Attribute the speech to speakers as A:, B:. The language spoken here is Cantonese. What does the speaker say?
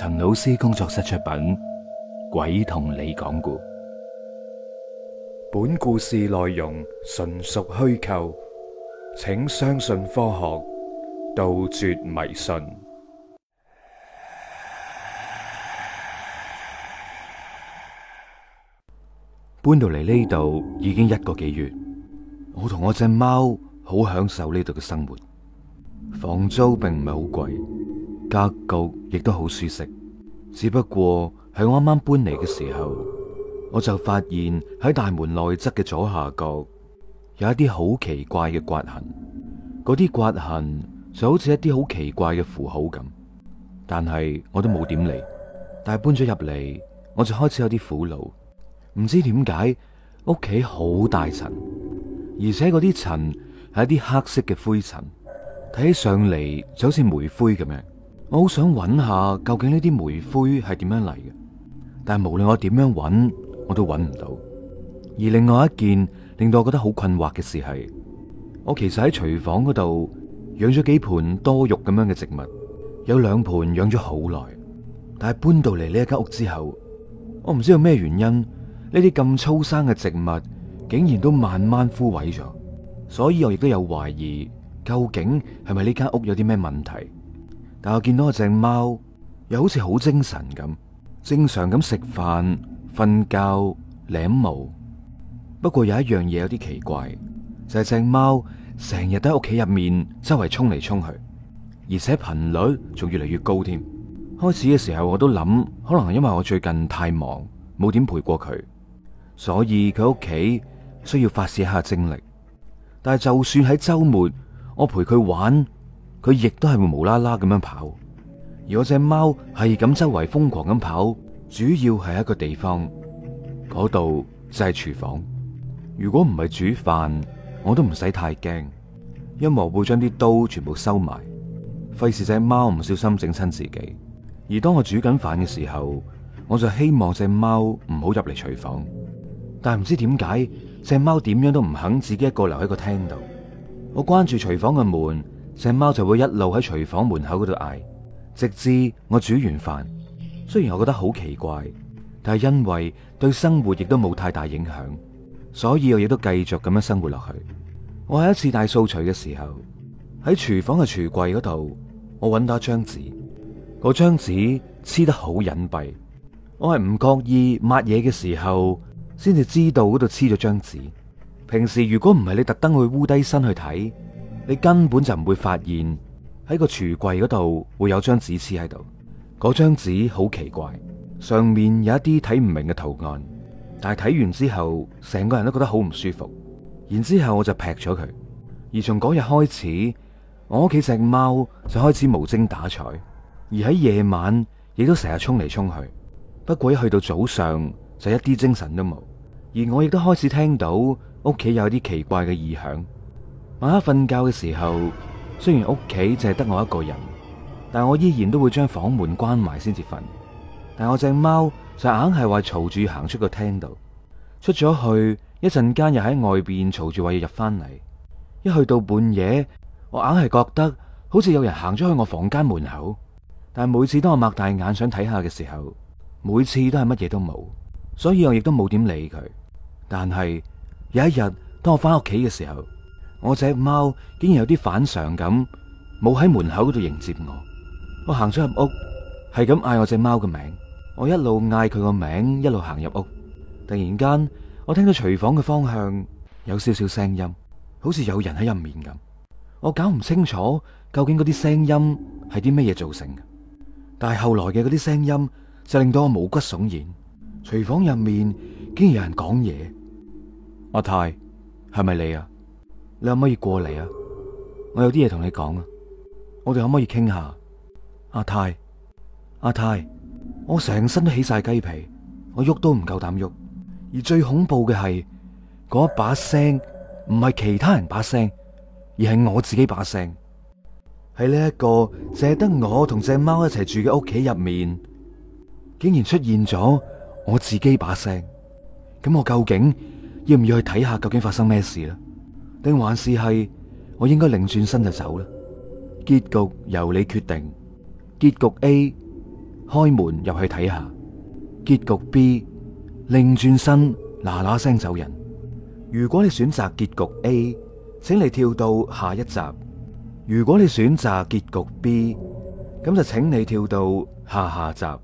A: 陳老師工作室出品《鬼同你講古》，本故事內容純屬虛構，請相信科學，杜絕迷信。搬到嚟呢度已經一個幾月，我同我隻貓好享受呢度嘅生活，房租並唔係好貴。格局亦都好舒適，只不過喺我啱啱搬嚟嘅時候，我就發現喺大門內側嘅左下角有一啲好奇怪嘅刮痕，嗰啲刮痕就好似一啲好奇怪嘅符號咁。但係我都冇點理，但係搬咗入嚟，我就開始有啲苦惱，唔知點解屋企好大塵，而且嗰啲塵係一啲黑色嘅灰塵，睇起上嚟就好似煤灰咁樣。我好想搵下究竟呢啲煤灰係點樣嚟嘅，但係無論我點樣搵，我都搵唔到。而另外一件令到我覺得好困惑嘅事係，我其實喺廚房嗰度養咗幾盆多肉咁樣嘅植物，有兩盆養咗好耐，但係搬到嚟呢一間屋之後，我唔知道有咩原因，呢啲咁粗生嘅植物竟然都慢慢枯萎咗，所以我亦都有懷疑，究竟係咪呢間屋有啲咩問題？但我見到嗰隻貓，又好似好精神咁，正常咁食飯、瞓覺、舐毛。不過有一樣嘢有啲奇怪，就係隻貓成日都喺屋企入面周圍衝嚟衝去，而且頻率仲越嚟越高添。開始嘅時候我都諗，可能係因為我最近太忙，冇點陪過佢，所以佢屋企需要發洩下精力。但係就算喺周末，我陪佢玩。佢亦都係會無啦啦咁樣跑，而我隻貓係咁周圍瘋狂咁跑，主要係一個地方，嗰度就係廚房。如果唔係煮飯，我都唔使太驚，因為我會將啲刀全部收埋，費事隻貓唔小心整親自己。而當我煮緊飯嘅時候，我就希望隻貓唔好入嚟廚房。但係唔知點解，隻貓點樣都唔肯自己一個留喺個廳度。我關住廚房嘅門。隻貓就會一路喺廚房門口嗰度嗌，直至我煮完飯。雖然我覺得好奇怪，但係因為對生活亦都冇太大影響，所以我亦都繼續咁樣生活落去。我喺一次大掃除嘅時候，喺廚房嘅櫥櫃嗰度，我揾到一張紙。嗰張紙黐得好隱蔽，我係唔覺意抹嘢嘅時候，先至知道嗰度黐咗張紙。平時如果唔係你特登去烏低身去睇，你根本就唔會發現喺個櫥櫃嗰度會有張紙黐喺度，嗰張紙好奇怪，上面有一啲睇唔明嘅圖案，但係睇完之後成個人都覺得好唔舒服。然之後我就劈咗佢，而從嗰日開始，我屋企隻貓就開始無精打采，而喺夜晚亦都成日衝嚟衝去。不過一去到早上就一啲精神都冇，而我亦都開始聽到屋企有啲奇怪嘅異響。晚黑瞓覺嘅時候，雖然屋企淨係得我一個人，但我依然都會將房門關埋先至瞓。但我隻貓就硬係話嘈住行出個廳度，出咗去一陣間又喺外邊嘈住話要入翻嚟。一去到半夜，我硬係覺得好似有人行咗去我房間門口，但係每次當我擘大眼想睇下嘅時候，每次都係乜嘢都冇，所以我亦都冇點理佢。但係有一日，當我翻屋企嘅時候。我隻貓竟然有啲反常咁，冇喺門口度迎接我。我行咗入屋，係咁嗌我隻貓嘅名。我一路嗌佢個名，一路行入屋。突然間，我聽到廚房嘅方向有少少聲音，好似有人喺入面咁。我搞唔清楚究竟嗰啲聲音係啲乜嘢造成嘅。但係後來嘅嗰啲聲音就令到我毛骨悚然。廚房入面竟然有人講嘢。阿泰，係咪你啊？你可唔可以過嚟啊？我有啲嘢同你講啊，我哋可唔可以傾下？阿、啊、泰，阿泰，我成身都起晒雞皮，我喐都唔夠膽喐。而最恐怖嘅係嗰把聲，唔係其他人把聲，而係我自己把聲。喺呢一個淨得我同隻貓一齊住嘅屋企入面，竟然出現咗我自己把聲。咁我究竟要唔要去睇下究竟發生咩事咧？定還是係我應該擰轉身就走啦？結局由你決定。結局 A，開門入去睇下；結局 B，擰轉身嗱嗱聲走人。如果你選擇結局 A，請你跳到下一集；如果你選擇結局 B，咁就請你跳到下下集。